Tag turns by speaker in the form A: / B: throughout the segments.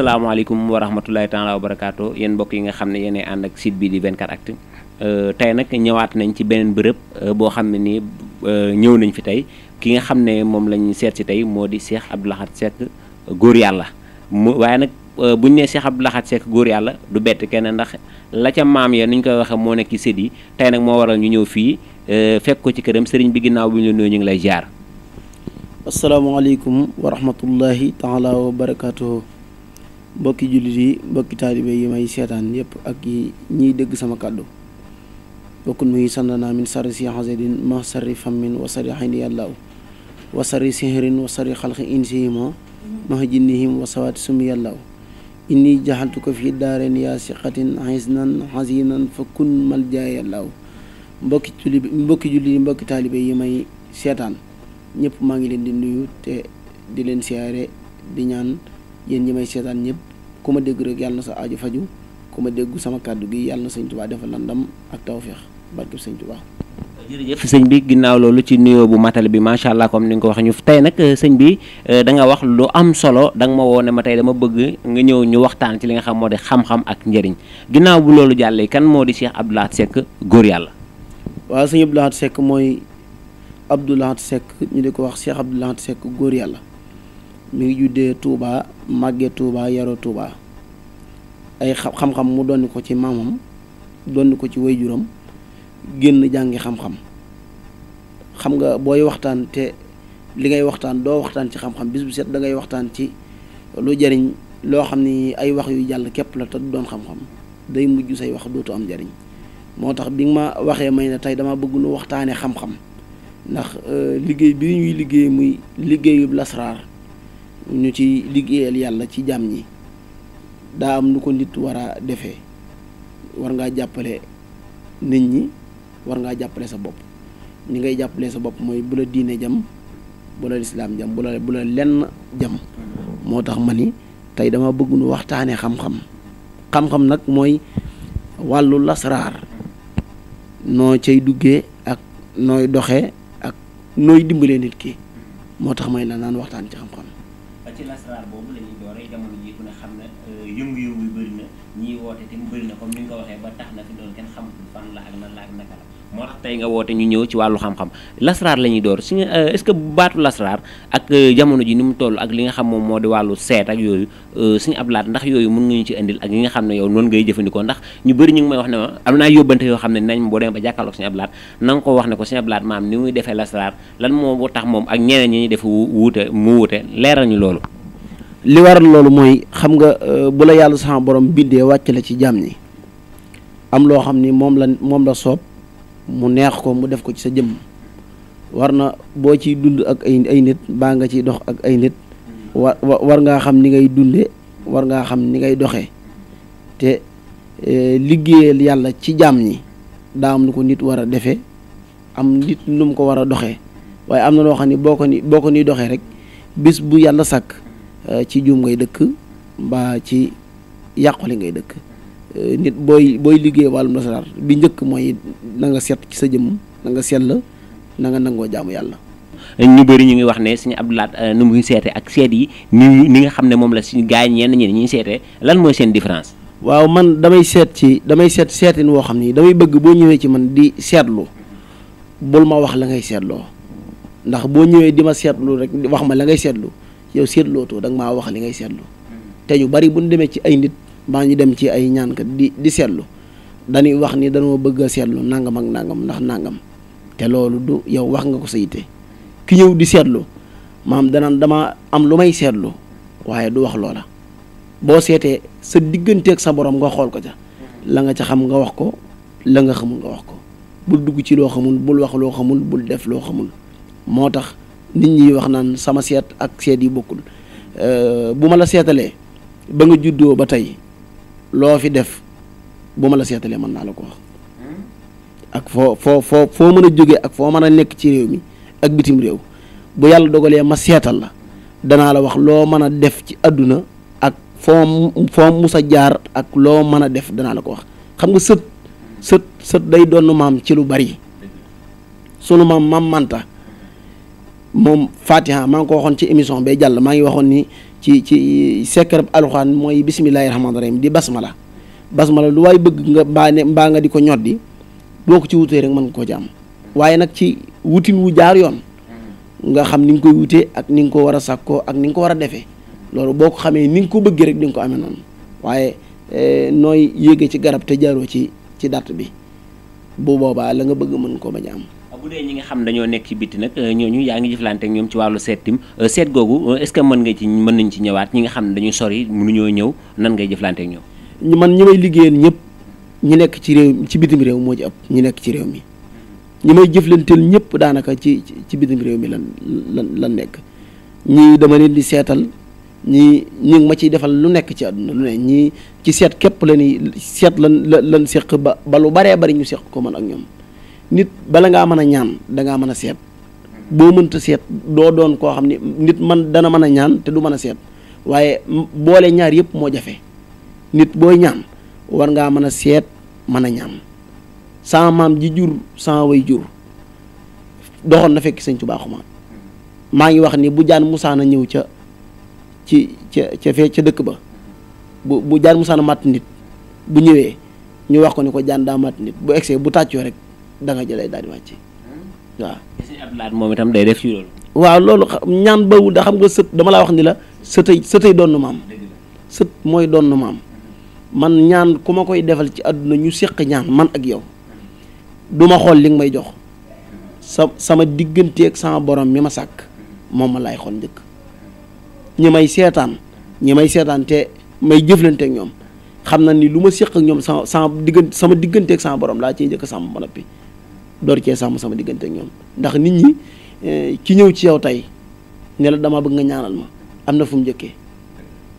A: asalaamaaleykum wa rahmatulahi taala wa barakaatu yéen mbokk yi nga xam ne yenee ànd ak site bii di 24actu euh, tey nag ñëwaat nañ ci beneen bërëb euh, boo xam ne nii euh, ñëw nañ fi tey ki nga xam ne moom lañ seet si tey moo di Cheikh Abdou Lahad Seck góor yàlla mu waaye nag buñu nee Cheikh Abdou Lahad góor yàlla du bett kenn ndax la maam ya nuñ koy waxee moo nekk ci yi tey nag moo waral ñu ñëw fii fekk ko ci këram sëriñ bi ginaaw bi ñu la nuyoo ñu ngi lay jaar.
B: asalaamaaleykum wa rahmatulahi taala wa barakaatu. mbokki jullit yi mbokki taalibe yi may seetaan yépp ak yi ñiy dégg sama kàddu bokkun mu ngi sandana min sarri si hasadin ma sarri fammin wa sarri xayni yàllaaw wa sarri sihirin wa sarri xalqi insihima ma jinnihim wa sawaati sumi yàllaaw inni jaxaltu ko fii daareen yaa siqatin xisnan xasinan fa kun mal jaay yàllaaw mbokki jullit mbokki jullit yi may seetaan ñëpp maa ngi leen di nuyu te di leen siyaare di ñaan yéen ñi may seetaan ñëpp ku ma dégg rek yàlla na sa ajo faju ku ma dégg sama kàddu gi yàlla na sëñ Tuubaa defal la ndam ak tawféex barke sëñ Tuubaa
A: jërëjëf sëñ bi ginnaaw loolu ci nuyoo bu matal bi macha allah comme ni nga ko wax ñu tey nag euh, sañ bi euh, da wax lu am solo danga ma woo ne ma tey dama bëgg nga ñëw ñu waxtaan ci li nga xam moo di xam-xam ak njëriñ ginnaaw bu loolu jàllee kan moo di seex Abdou Lahad Seck góor yàlla.
B: waa sëñ Abdou Lahad mooy Abdou Lahad Seck ñu di ko wax Cheikh Abdou Lahad góor yàlla. mi ngi juddee Touba màggee Touba yaroo Touba ay xam-xam mu donni ko ci maamam donni ko ci juróom génn jàngi xam-xam xam nga booy waxtaan te li ngay waxtaan doo waxtaan ci xam-xam bis bu set da ngay waxtaan ci lu jariñ loo xam ni ay wax yu jàll képp la te du doon xam-xam day mujj say wax dootu am jariñ moo tax bi nga ma waxee may ne tey dama bëgg nu waxtaanee xam-xam ndax euh, liggéey bi ñuy liggéey muy liggéeyub lasraar ñu ci liggéeyal yàlla ci jàmm ñi daa am nu ko nit war a defee war ngaa jàppale nit ñi war ngaa jàppale sa bopp ñi ngay jàppale sa bopp mooy bu la diine jam bu la lislaam jam bu la lenn jam moo tax ma ni tey dama bëgg nu waxtaanee xam-xam xam-xam nag mooy wàllu lasraar noo cay duggee ak nooy doxee ak nooy dimbalee nit ki moo tax may la naan waxtaan ci xam-xam
A: ci lasaraar boobu la ñuy dooree jamono ji ku ne xam ne euh, yëngu-yëngu yu bëri na ñiy woote te mu bëri na comme ni nga ko waxee ba tax na fi doon kenn xamatul fan la ak nan la ak naka la moo tax tey nga woote ñu ñëw ci wàllu xam-xam lasraar la ñuy door si nga euh, est-ce que baatu lasraar ak euh, jamono ji ni mu toll ak li nga xam moom moo di wàllu seet ak yooyu euh, suñu ab laat ndax yooyu mun nga ñu ci indil ak yi nga xam ne yow noonu ngay jëfandikoo ndax ñu bëri ñu ngi may wax ne ma am naa yóbbante yoo xam ne nañ boo demee ba jàkkaarloog suñu ab laat na nga ko wax ne ko suñu ab laat maam ni muy defee lasraar lan moo tax moom ak ñeneen ñi ñuy def wuute mu wuute leeral ñu loolu
B: li waral loolu mooy xam nga bu la yàlla sama borom bindee wàcc la ci jaam ñi loo xam ni moom la moom la soob mu neex ko mu def ko ci sa jëmm war na boo ciy dund ak ay nit baa nga ciy dox ak ay nit wa war ngaa xam ni ngay dunde war ngaa xam ni ngay doxee te e, liggéeyal yàlla ci jaam ñi daa am nu ko nit war a defee am nit nu mu ko war a doxee waaye am na loo xam ni boo ko ni boo ko ni doxee rek bis bu yàlla sàkk e, ci juum ngay dëkk mbaa ci yàqule ngay dëkk Euh, nit booy booy liggéey wàllum nasaraar bi njëkk mooy na nga set ci sa jëmm na nga la na nga nangoo jaamu yàlla.
A: ñu bëri ñu ngi wax ne suñu Abdou Lahat euh, nu muy seete ak seet yi ni ni nga xam ne moom la suñu gars yi ñenn ñi ñu seete lan mooy seen différence.
B: waaw man damay seet ci damay seet seetin woo xam ni damay bëgg boo ñëwee ci man di seetlu bul ma wax la ngay seetloo ndax boo ñëwee di ma seetlu rek wax ma la ngay seetlu yow seetlootoo da nga maa wax li ngay seetlu te ñu bari bu ñu demee ci ay nit. baa ñu dem ci ay ñaankat di di seetlu dañuy wax ni dañoo bëgg a seetlu nangam ak nangam ndax nangam te loolu du yow wax nga ko sa yite ki ñëw di seetlu maam danaan dama am lu may seetlu waaye du wax loola boo seetee sa diggante ak sa borom nga xool ko ca la nga ca xam nga wax ko la nga xamul nga wax ko bul dugg ci loo xamul bul wax loo xamul bul def loo xamul moo tax nit ñi wax naan sama seet ak seet yi bokkul euh, bu ma la seetalee ba nga juddoo ba tey loo fi def bu ma la seetalee mën naa la ko wax hmm? ak foo foo foo foo mën a jógee ak foo mën a nekk ci réew mi ak bitim réew bu yàlla dogalee ma seetal la danaa la wax loo mën a def ci àdduna ak foo foo mus a jaar ak loo mën a def danaa la ko wax xam nga sët sët sët day doon maam ci lu bari sunu maam maam manta moom fatiha maa ngi ko waxoon ci émission bee jàll maa ngi waxoon ni ci ci sekkarab alxuraan mooy bisimilahi rahmaani rahim di ma basmala lu waay bëgg nga mbaa ne mbaa nga di ko ñoddi boo ko ci wutee rek mën nga koo ci am waaye nag ci wutin wu jaar yoon nga xam ni nga koy wutee ak ni nga ko war a sàkkoo ak ni nga ko war a defee loolu boo ko xamee ni nga ko bëggee rek ni nga ko amee noonu waaye eh, nooy yéege ci garab te jaaroo ci ci date bi bu boobaa la nga bëgg mën koo bañ am
A: bu dee ñi nga xam dañoo nekk ci bitti nag euh, ñooñu yaa ngi jëflante ñoom ci wàllu seet tim euh, seet googu euh, ce que mën nga ci mën nañ ci ñëwaat ñi xam ne dañuy sori mënuñoo ñëw nan ngay jëflante ak
B: ñoom man ñi may liggéeyal ñëpp ñi nekk ci ci bitim réew moo ci ëpp ñi nekk ci réew mi ñi may jëflanteel ñëpp daanaka ci ci bitim réew mi lan lan lan nekk ñii dama leen di seetal ñii ñi ngi ma ciy defal lu nekk ci àdduna lu ne ñii ci seet képp la ni seet lan lan seq ba ba lu baree bari ñu seq ko man ak ñoom nit bala ngaa mën a ñaan dangaa mën a seet boo mënta seet doo doon koo xam ni nit man dana mën a ñaan te du mën a seet waaye boole ñaar yëpp moo jafe nit booy ñaan war ngaa mën a seet mën a ñaan sama maam ji jur sama way jur doxoon na fekk sëñ Tuubaa xuma maa ngi wax nii bu jaan musaan a ñëw ca ci ca ca fee ca dëkk ba bu bu jaan musaana màtt nit bu ñëwee ñu wax ko ni ko jaan daa màtt nit bu egsee bu tàccoo rek da nga jëlee daal di wàcce hmm? waaw. sëñ Abdoulaye day def ci loolu. waaw loolu ñaan bawul da xam nga sët dama laa wax ni la sëtay sëtay doon maam sët mooy doon maam man ñaan ku ma koy defal ci àdduna ñu seq ñaan man ak yow du ma xool li may jox sa sama diggante ak sama borom mi ma sàkk moom ma laay xool njëkk ñi may seetaan ñi may seetaan te may jëflante ak ñoom xam na ni lu ma seq ñoom sama sama diggante sama diggante ak borom laa ciy njëkk sàmm ba noppi door cee sàmm sama diggante ak ñoom ndax nit ñi ci eh, ñëw ci yow tey ne dama bëgg nga ñaanal ma am na fu mu njëkkee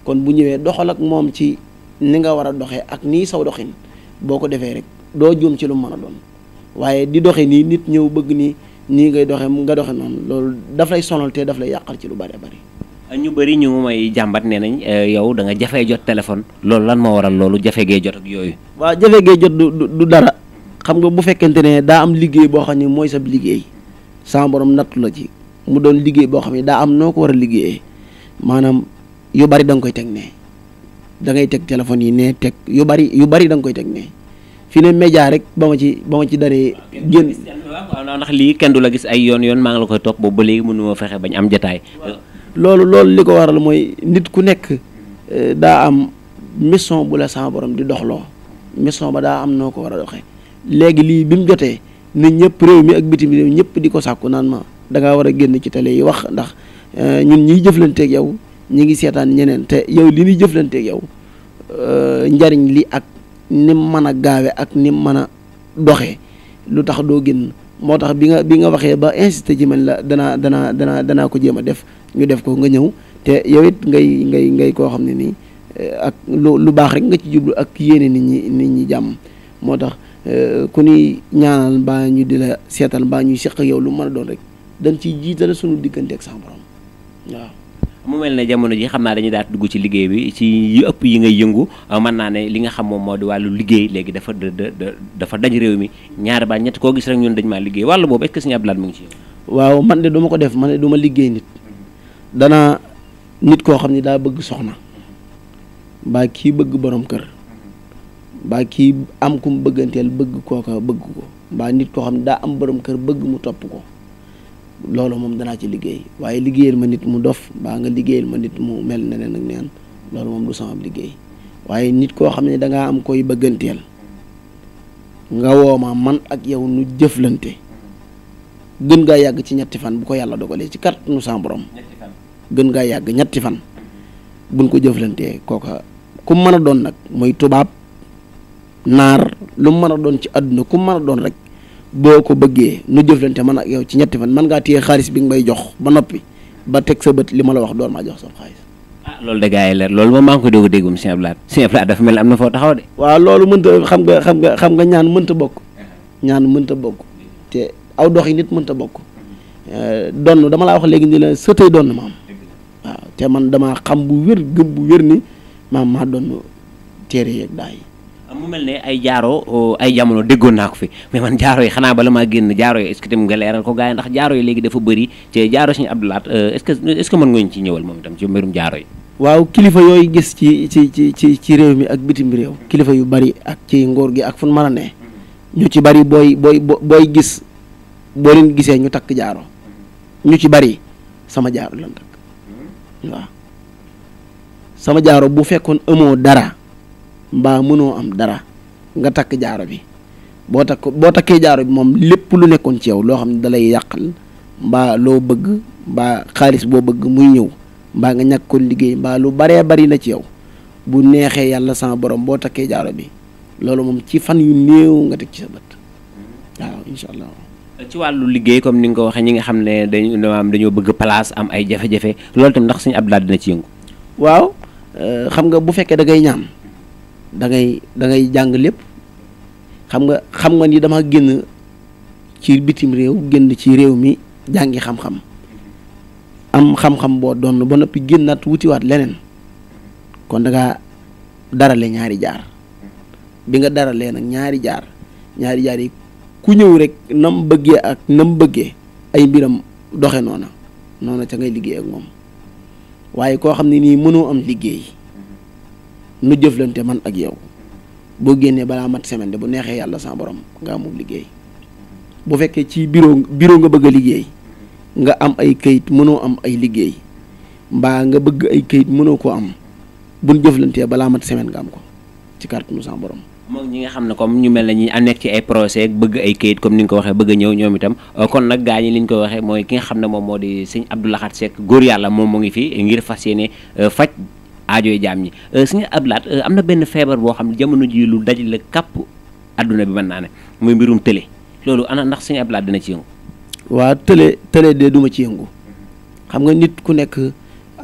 B: kon bu ñëwee doxal ak moom ci ni nga war a doxee ak nii saw doxin boo ko defee rek doo juum ci lu mu mën a doon waaye di doxe nii nit ñëw bëgg nii nii ngay doxe nga doxe noonu loolu daf lay sonal te daf lay yàqal ci lu bari bari
A: ñu bëri ñu may jàmbat nee nañ eh, yow da nga jafee jot téléphone loolu lan moo waral loolu jafe gee jot ak yooyu waaw xam nga bu fekkente ne daa am liggéey boo xam ne mooy sa liggéey
B: sama borom nattu la ci mu doon liggéey boo xam ne daa am noo ko war a liggéeyee maanaam yu bari da koy teg ne da ngay teg téléphone yi ne teg yu bari yu bari da koy teg ne fi ne média rek ba ci ba ci daree. génn
A: waaw ndax lii kenn du la gis ay yoon yoon maa ngi la koy topp boobu ba léegi mënu ma fexe bañ am jataay.
B: loolu loolu li ko waral mooy nit ku nekk eh, daa am mission bu la di doxloo mission ba daa am noo ko war a doxee. léegi lii bi mu jotee nit ñëpp réew mi ak bitim réew ñëpp di ko sàkku naan ma da war a génn ci télé yi wax ndax euh, ñun ñuy jëflanteeg yow ñu ngi seetaan ñeneen te yow li ñuy jëflanteeg yow euh, njariñ li ak nim mën a gaawe ak nim mën a doxee lu tax doo génn moo tax bi nga bi nga waxee ba insisté ci man la danaa danaa danaa danaa ko jéem a def ñu def ko nga ñëw te yow it ngay ngay ngay koo xam ne nii euh, ak lu lu baax rek nga ci jublu ak yéene nit ñi nit ñi jàmm moo tax Euh, ku ni ñaanal mbaa ñu di la seetal mbaa ñuy seq yow lu man a doon rek dañ ciy jiital suñu diggante ak sama borom
A: waaw. mu mel ne jamono ji xam naa dañuy daal dugg ci liggéey bi ci yu ëpp yi ngay yëngu euh, man naa ne li nga xam moom moo di wàllu liggéey léegi dafa dafa daj réew mi ñaar baa ñett koo gis rek ñun dañ maa liggéey wàllu boobu est-ce que Sëñ mu ngi ci
B: waaw man de du ko def man de du ma liggéey nit dana nit koo xam ni daa bëgg soxna mbaa kii bëgg borom kër mbaa ki am ku mu bëgganteel bëgg kooka bëgg ko mbaa nit koo xam ne daa am boroom kër bëgg mu topp ko loolu moom danaa ci liggéey waaye liggéeyal ma nit mu dof mbaa nga liggéeyal ma nit mu mel neneen neen ak neen loolu moom du sama liggéey waaye nit koo xam ne dangaa am koy bëgganteel nga woo ma man ak yow nu jëflante gën ngaa yàgg ci ñetti fan bu ko yàlla dogalee ci carte nu sans gën ngaa yàgg ñetti fan buñ ko jëflantee kooka ku mën doon nag mooy naar lu mën a doon ci àdduna ku mën a doon rek boo ko bëggee nu jëflante man ak yow ci ñetti fan man ngaa téye xaalis bi nga may jox ba noppi ba teg sa bët li ma la wax door maa jox sa xaalis.
A: ah loolu de gars yi leer loolu moom maa ngi ko doog a déggum Sëñ Abdou Lahad Sëñ Abdou Lahad dafa am de. waaw loolu mënta
B: xam nga xam nga xam nga ñaan mënta bokk. Uh-huh. ñaan mënta bokk te aw dox yi nit mënta bokk. Uh, donn dama laa wax léegi ni la sëtëy donn maam. waaw te man damaa xam bu wér gëm bu wér ni maam maa donn téere yeeg daa yi
A: mu mel ne ay jaaro ay jamono déggoon naa ko fi mais man jaaro yi xanaa bala maa génn jaaro yi est-ce que tam nga leeral ko gars yi ndax jaaro yi léegi dafa bëri ci jaaro Serigne Abdou Lahat euh, est-ce que est-ce
B: waaw kilifa yooyu gis ci ci ci ci ci réew mi ak bitim kilifa yu bari ak ci ngóor gi ak fu mën a ne ñu ci bari booy booy booy gis boo leen gisee ñu takk jaaro ñu ci bari sama jaaro lan takk hmm? sama jaaro bu fekkoon amoo dara mbaa mënoo am dara nga takk jaaro bi boo takk boo takkee jaaro bi moom lépp lu nekkoon ci yow loo xam ne dalay yàqal mbaa loo bëgg mbaa xaalis boo bëgg muy ñëw mbaa nga ñàkk ko liggéey mbaa lu baree bari la ci yow bu neexee yàlla sama borom boo takkee jaaro bi loolu moom ci fan yu néew nga teg ci sa
A: wàllu liggéey comme ni nga ko waxee ñi nga xam ne dañu dañoo bëgg place am ay jafe-jafe loolu tam ndax suñu abdoulaye dina ci yëngu.
B: waaw euh, xam nga bu fekkee da ngay ñaan.
A: dangay dangay
B: jàng lépp xam nga xam nga ni dama génn ci bitim réew génn ci réew mi jàngi xam-xam am xam-xam boo doon ba noppi génn génnaat wutiwaat leneen kon da nga darale ñaari jaar bi nga daralee nag ñaari jaar ñaari jaar yi ku ñëw rek nam bëggee ak nam bëggee ay mbiram doxe noona noona ca ngay liggéey ak moom waaye koo xam ne nii mënoo am liggéey nu jëflante man ak yow boo génnee balaa mat semaine de bu neexee yàlla sa borom nga amul liggéey bu fekkee ci bureau bureau nga bëgg a liggéey nga am ay kayit mënoo am ay liggéey mbaa nga bëgg ay kayit mënoo ko am buñ jëflantee balaa mat semaine nga am ko ci kàttanu sa borom.
A: moom ñi nga xam ne comme ñu mel na ñi nekk ci ay procès bëgg ay kayit comme ni nga ko waxee bëgg a ñëw ñoom itam euh, kon nag gaa ñi li ñu koy waxee mooy ki nga xam ne moom moo di sëñ Abdou Lahad Seck góor yàlla moom mu ngi fi ngir fas yéene euh, faj. aajoy jaam ñi euh, suñu ablaat euh, am na benn feebar boo xam ne jamono ji lu daj la kàpp adduna bi mën naa ne muy mbirum télé loolu ana ndax suñu ablaat dina ci yëngu
B: waaw télé télé de duma ci yëngu xam nga nit ku nekk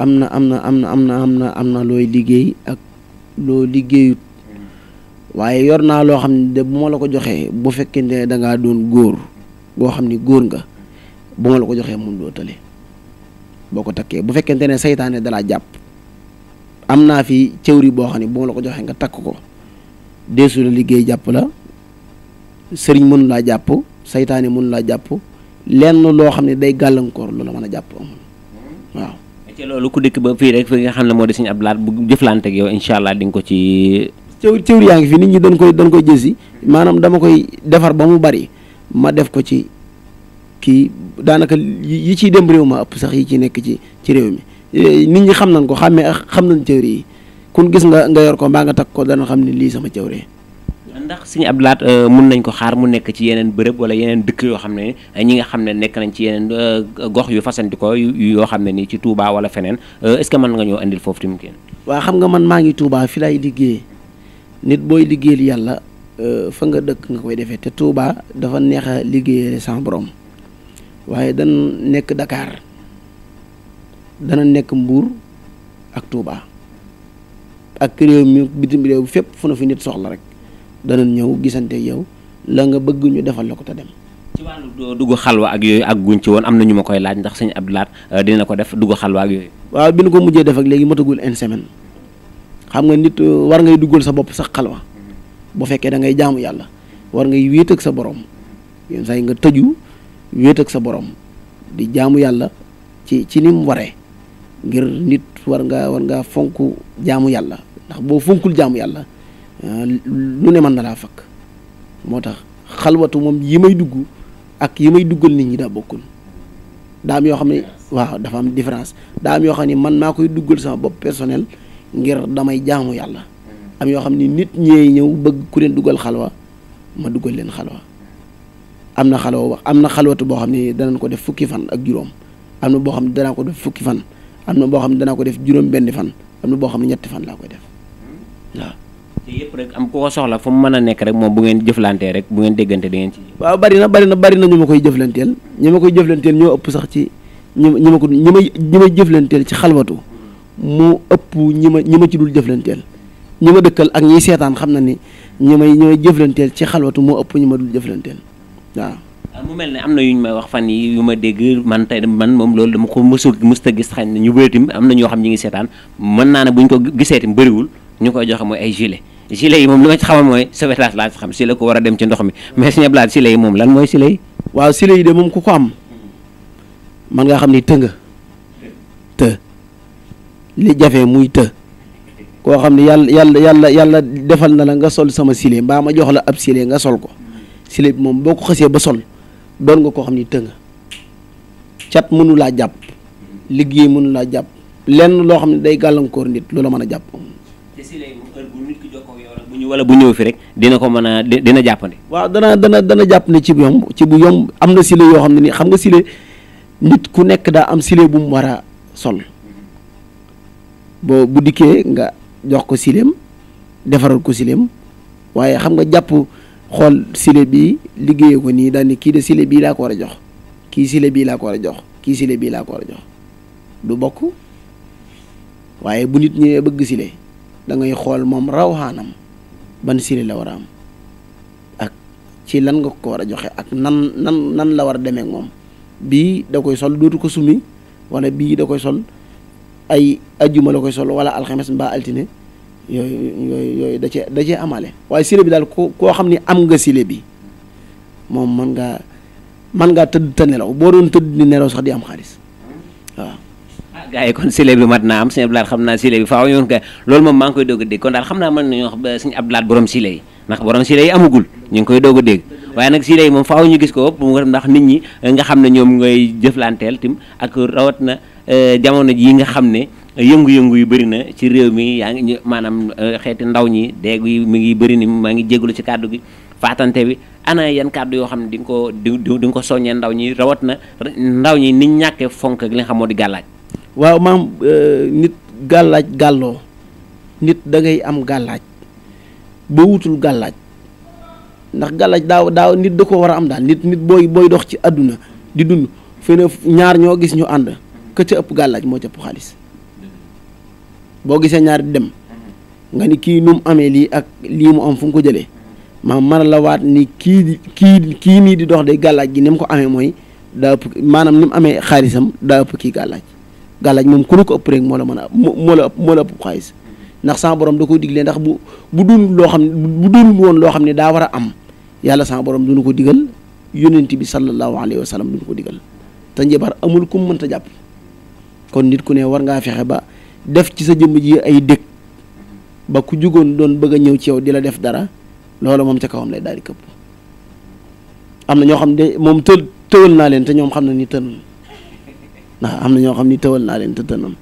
B: am na am na am na am na am na am na looy liggéey ak loo liggéeyut waaye yor naa loo xam ne de bu ma la ko joxee bu fekkente ne da ngaa doon góor boo xam ne góor nga bu ma la ko joxee mun doo tële boo ko takkee bu fekkente ne seytaane dalaa jàpp am naa fi cëwri boo xam ne bu ma la ko joxee nga takk ko deesu la liggéey jàpp la sëriñ mënu laa jàpp saytaane mënu laa jàpp lenn loo xam ne day gàllankoor la mën a jàpp amul
A: waaw. ci loolu ku dikk ba fii rek fi nga xam ne moo di Sëriñ ab Lahad bu jëflanteeg yow incha allah di nga ko ci.
B: cëw cëwri yaa ngi fii
A: nit ñi dañ koy dañ
B: koy jësi maanaam dama koy defar ba mu bari ma def ko ci kii daanaka yi ciy dem réew ma ëpp sax yi ci nekk ci ci réew mi. Eh, nit ñi xam nañ ko xàmmee xam nañ cëwri yi kun gis nga nga yor ko mbaa nga takk ko dana xam ne lii sama cëwri
A: ndax suñu Abdou Lahat euh, mun nañ ko xaar mu nekk ci yeneen bërëb wala yeneen dëkk yoo xam ne ñi nga xam ne nekk nañ ci yeneen euh, gox yu fasantiko yoo xam ne nii ci Touba wala feneen euh, est-ce que mën nga ñoo indil foofu tamit.
B: waaw xam nga man maa ngi Touba fi lay liggéey nit booy liggéeyal yàlla fa nga dëkk nga koy defee te Touba dafa neex a liggéeyale sans borom waaye dañ nekk dakaar dana nekk Mbuur ak tuuba ak réew mi bitim réew bi fépp fu na fi nit soxla rek dana ñëw gisante yow la nga bëgg ñu defal la ko te dem.
A: ci wàllu dugg xalwa ak yooyu ak guñ ci woon am na ñu ma koy laaj ndax sëñ Abdou Lahat euh, dina ko def dugg xalwa ak yooyu.
B: waaw bi nu ko mujjee def ak léegi matagul une semaine xam nga nit euh, war ngay duggal sa bopp sax xalwa bu fekkee da ngay jaamu yàlla war ngay wéet ak sa borom yenn nga tëju wéet sa borom di jaamu yàlla ci ci ni mu waree ngir nit war ngaa war ngaa fonk jaamu yàlla ndax boo fonkul jaamu yàlla euh, lu ne mën na laa fakk moo tax xalwatu moom yi may dugg ak yi may duggal nit ñi daa bokkul daa am yoo xam ne waaw dafa am différence daa yoo xam ne man maa koy duggal sama bopp personnel ngir damay jaamu yàlla am yoo xam ne nit ñee ñëw bëgg ku leen duggal xalwa ma duggal leen xalwa am na xalwa wax am na xalwatu boo xam ne danañ ko def fukki fan ak juróom am na boo xam ne danaa ko def fukki fan am na boo xam ne danaa ko def juróom benn fan am na boo xam ne ñetti fan laa koy def
A: waaw. te yëpp rek am ku ko soxla fu mu mën a nekk rek moom bu ngeen jëflantee rek bu ngeen déggante di ci.
B: waaw bari na bari na bari na ñu ma koy jëflanteel ñu ma koy jëflanteel ñoo ëpp sax ci ñi ma ko ñi may ñi may jëflanteel ci xalwatu mu ëpp ñi ma ñi ma ci dul jëflanteel ñi ma dëkkal ak ñiy seetaan xam na ni ñi may ñi jëflanteel ci xalwatu moo ëpp ñi ma dul jëflanteel
A: mu mel ne am na yu ñu may wax fan yi yu ma dégg man tey man moom loolu dama ko mësul mësta gis xañ na ñu bëri tamit am na ñoo xam ñi ngi seetaan mën naa ne bu ñu ko gisee tamit bëriwul ñu koy joxe mooy ay gilet gilet yi moom li ma ci xamal mooy sauvetage laa xam si la ko war a dem ci ndox mi mais suñu blaat gilet yi moom lan mooy gilet yi waaw gilet yi de moom ku ko am man nga xam ni të nga të li
B: jafe muy të koo xam ne yàlla yàlla yàlla yàlla defal na la nga sol sama gilet mbaa ma jox la ab gilet nga sol ko gilet bi moom boo ko xësee ba sol doon nga ko xam ni tënga cat mënu laa jàpp liggéey mënu jàpp lenn loo xam ne day gàllankoor nit loola mën a jàpp.
A: si bu wala bu ñëw fi rek dina ko mën a dina jàppandi.
B: waaw dana dana dana jàpp ne ci bu yomb ci bu yomb am na sile yoo xam ne nii xam nga sile nit ku nekk daa am sile bu mu war a sol boo bu dikkee nga jox ko sileem defaral ko sileem waaye xam nga jàpp. xool sile bii liggéeyee ko nii daal kii de sile bii laa ko war a jox kii sile bii laa ko war a jox kii sile bii laa ko a jox du bokk waaye bu nit ñëwee bëgg sile da ngay xool moom rawxaanam ban sile la war a am ak ci lan nga ko war a joxe ak nan nan nan la war a demee moom bii da koy sol dootu ko sumi wala bii da koy sol ay ajjuma la koy sol wala alxames mbaa altine yooyu yooyu da cee da cee amale waaye sile bi daal ko koo xam ni am nga sile bi moom mën ngaa man ngaa tëdd te nelaw boo doon tëdd ni nelaw sax di am xaalis
A: waaw. ah gars yi kon sile bi mat naa am sëñ Abdou Lahad xam naa sile bi faaw ñu ko loolu moom maa ngi koy doog a dégg naa mën nañu wax ba sëñ Abdou Lahad borom sile yi ndax borom sile yi amagul ngi koy doog a dégg. waaye nag sile yi moom faaw ñu gis ko ëpp mu ndax nit ñi nga xam ne ñoom ngay jëflanteel tim ak rawat na eh, jamono jii nga xam ne yëngu-yëngu yu bari na ci réew mi yaa ngi maanaam euh, xeeti ndaw ñi déeg yi mi ngi bari ni maa ngi jégalu ci kàddu gi faatante bi ana yenn kàddu yoo xam ne di nga ko di nga ko soññee ndaw ñi rawat na ndaw ñi ni ñàkkee fonk ak li nga xam di gàllaaj
B: waaw maam euh, nit gàllaaj gàlloo nit dangay am gàllaaj boo wutul gàllaaj ndax gàllaaj daaw daaw nit da ko war a am daal nit nit booy booy dox ci àdduna di dund fene ñaar ñoo gis ñu ànd ka ëpp gàllaaj moo ca xaalis boo gisee ñaar di dem nga ni kii nu mu amee lii ak lii mu am fu mu ko jëlee maam man la waat ni kii di kii kii nii di dox de gàllaaj gi ni mu ko amee mooy daa ëpp maanaam ni mu amee xaalisam daa ëpp kii gàllaaj gàllaaj moom ku la ko ëpp rek moo la mën a moo la moo la ëpp xaalis ndax sama borom da ko digle ndax bu bu doonul loo xam bu doonul woon loo xam ne daa war a am yàlla sama borom duñu ko digal yónent bi sallallahu alayhi wa sallam duñu ko digal te njabar amul kum mënta jàpp kon nit ku ne war ngaa fexe ba def ci sa jëmm ji ay dëkk ba ku jugoon doon bëgg a ñëw ci yow di la def dara loolu moom ca kawam lay daal di këpp am na ñoo xam ne moom të tëwal naa leen te ñoom xam na ni tën ndax am na ñoo xam ni tëwal naa leen te tënam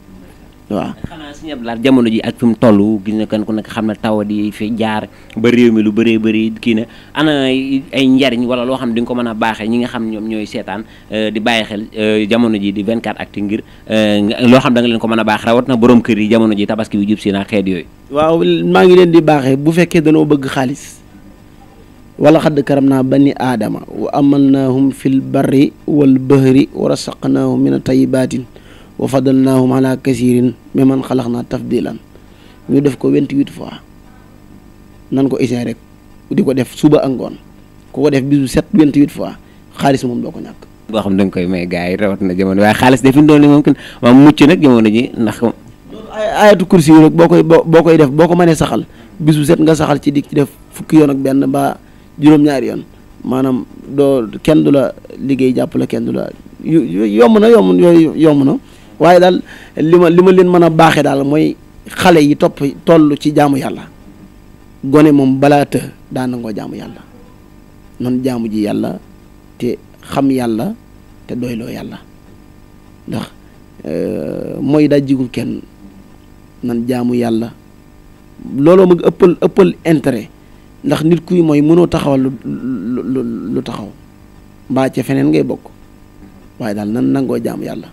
A: waaw sëñ Abdou Lahad jamono ji ak fi mu toll gis na kan ku nekk xam ne taw di fi jaar ba réew mi lu bëree bëri kii na ana ay njariñ wala loo xam di nga ko mën a baaxee ñi nga xam ñoom ñooy seetaan eh, di bàyyi xel eh, jamono ji di 24 actu ngir eh, loo xam da nga leen ko mën a baax rawat na borom kër yi jamono ji tabaski bi si naa xeet yooyu
B: waaw maa ngi leen di baaxee bu fekkee danoo bëgg xaalis wala xadd karam naa bani aadama wa amal naahum fil barri wal bahri wa rasaqnaahum min a tayibatin wa fadalnaahum ala kasirin mimman xalaqnaa tafdilan ñu def ko vingt-huit fois nan ko essayé rek di ko def suba ak ngoon ku ko def bisu set vingt-huit fois xaalis moom doo ko ñàkk.
A: boo xam da nga koy may gars yi rawat na jamono waaye xaalis dafin doon li moom kenn maam mucc nag jamono ji ndax.
B: ayatu kursi yi rek boo koy boo koy def boo ko manee saxal bisu set nga saxal ci dik ci def fukki yoon ak benn ba juróom-ñaari yoon maanaam doo kenn du la liggéey jàpp la kenn du la yomb na yomb yooyu yomb na waaye daal li ma li ma leen mën a baaxee daal mooy xale yi topp toll ci jaamu yàlla gone moom balaa të daa nangoo jaamu yàlla noonu jaamu ji yàlla te yàlla te doyloo yàlla ndax euh, mooy daa kenn nan jaamu yàlla looloo mag ëppal ëppal intérêt ndax nit kuy mooy mënoo taxawal lu lu lu taxaw mbaa ca feneen ngay bokk waaye daal nan nangoo jaamu yàlla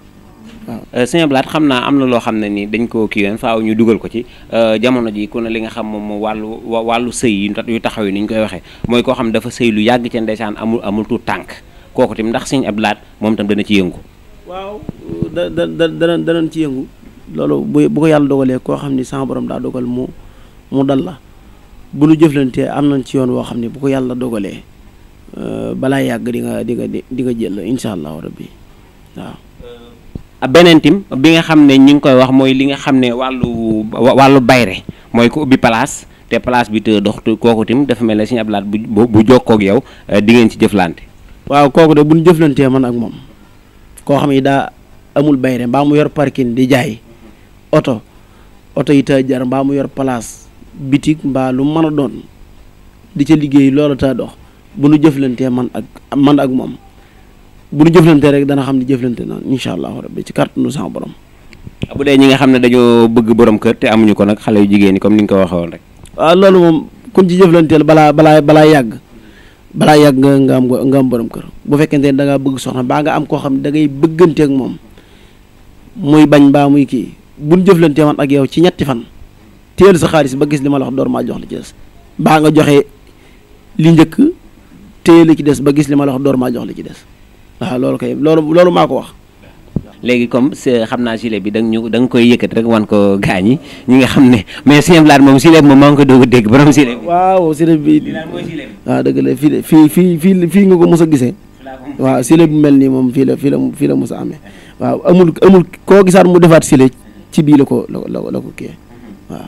A: waaw euh, sëñ Ablaat xam naa am na loo xam ne ni dañ koo kii yoon faaw ñu dugal ko ci euh, jamono ji ku ne li nga xam moom wàllu wàllu sëy yu taxaw yi ni ñu koy waxee mooy koo xam ne dafa sëy lu yàgg ca ndeysaan amul amul tu tànk kooku tamit ndax sëñ Ablaat moom tam dana ci yëngu
B: waaw da da da danañ ci yëngu loolu bu bu ko yàlla dogalee koo xam ni sama borom daa dogal mu mu dal la bu nu jëflantee am nañ ci yoon woo xam ne bu ko yàlla dogalee euh, balaa yàgg di nga di nga di nga jël incha allahu rabbi waaw
A: beneen tim bi nga xam ne ñu ngi koy wax mooy li nga xam ne wàllu wàllu bayre mooy ku ubbi place te place bi te dox kooku tim dafa mel ne suñu ablaat bu bu jokkoo ak yow euh, di ngeen ci jëflante.
B: waaw kooku de bu ñu jëflantee ak moom koo xam ne daa amul bayre mbaa mu yor parking di jaay oto oto yi mu yor place bitik mbaa mën a di ca liggéey loola taa dox bu jëflantee man ak man ak moom. bu ñu jëflantee rek dana xam ne jëflante na incha allahu rabbi ci kàttanu sama borom.
A: bu dee ñi nga xam ne dañoo bëgg borom kër te amuñu ko nag xale yu jigéen ñi comme ni nga ko waxee woon rek. waaw ah,
B: loolu moom kuñ ci jëflanteel balaa balaa balaa yàgg balaa yàgg nga nga am nga am borom kër bu fekkente ne da bëgg soxna baa nga am koo xam ne da ngay bëgganteeg moom muy bañ baa muy kii bu ñu jëflantee man ak yow ci ñetti fan téel sa xaalis ba gis li ma la door maa jox la ci baa nga joxe li njëkk téel li ci des ba gis li ma la door maa jox li ci des waaw loolu kay loolu loolu maa ko wax.
A: léegi comme xam naa gilet bi da nga ñu da nga koy yëkkati rek wan ko gaañi ñu ngi xam ne mais Symbiose laat moom gilet bi moom maa ngi ko doog a dégg borom gilet
B: bi. waaw gilet bi li daal mooy gilet fii fii fii fii fii nga ko mos a gisee. waaw gilet bu mel nii moom fii la fii la fii la mos a amee waaw amul amul koo gisaat mu defaat gilet ci bii la ko la ko la ko kii
A: waaw.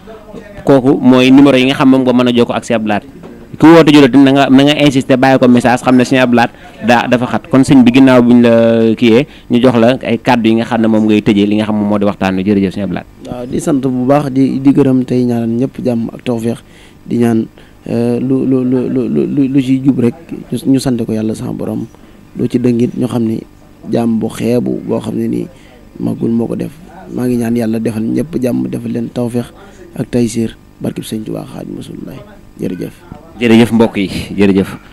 A: kooku mooy numéro yi nga xam moom nga mën a jokkoo ak Sëñ Abdou Lahad ku woote jëloon na nga na nga insister bàyyi ko message xam ne si Abdou Lahad daa dafa xat kon sëñ bi ginnaaw bu ñu la kiiyee ñu jox la ay kàddu yi nga xam ne moom ngay tëjee li nga xam moom moo di waxtaan wi jërëjëf Sëñ Abdou
B: di sant bu baax di gërëm tey ñaan ñëpp jàmm ak tawféex di ñaan euh, lu lu lu lu lu ciy jub rek ñu sant ko yàlla sama borom loo ci dëngit ñu xam ni jàmm bu xeebu boo xam ne nii magul moo ko def maa ngi ñaan yàlla defal ñëpp jàmm defal leen tawféex ak Taysiir barkib sëñ Tuubaa mosul Rasuul
A: jërëjëf. jërëjëf mbokk yi jërëjëf.